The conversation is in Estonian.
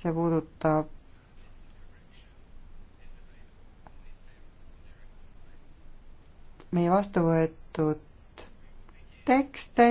see puudutab meie vastu võetud tekste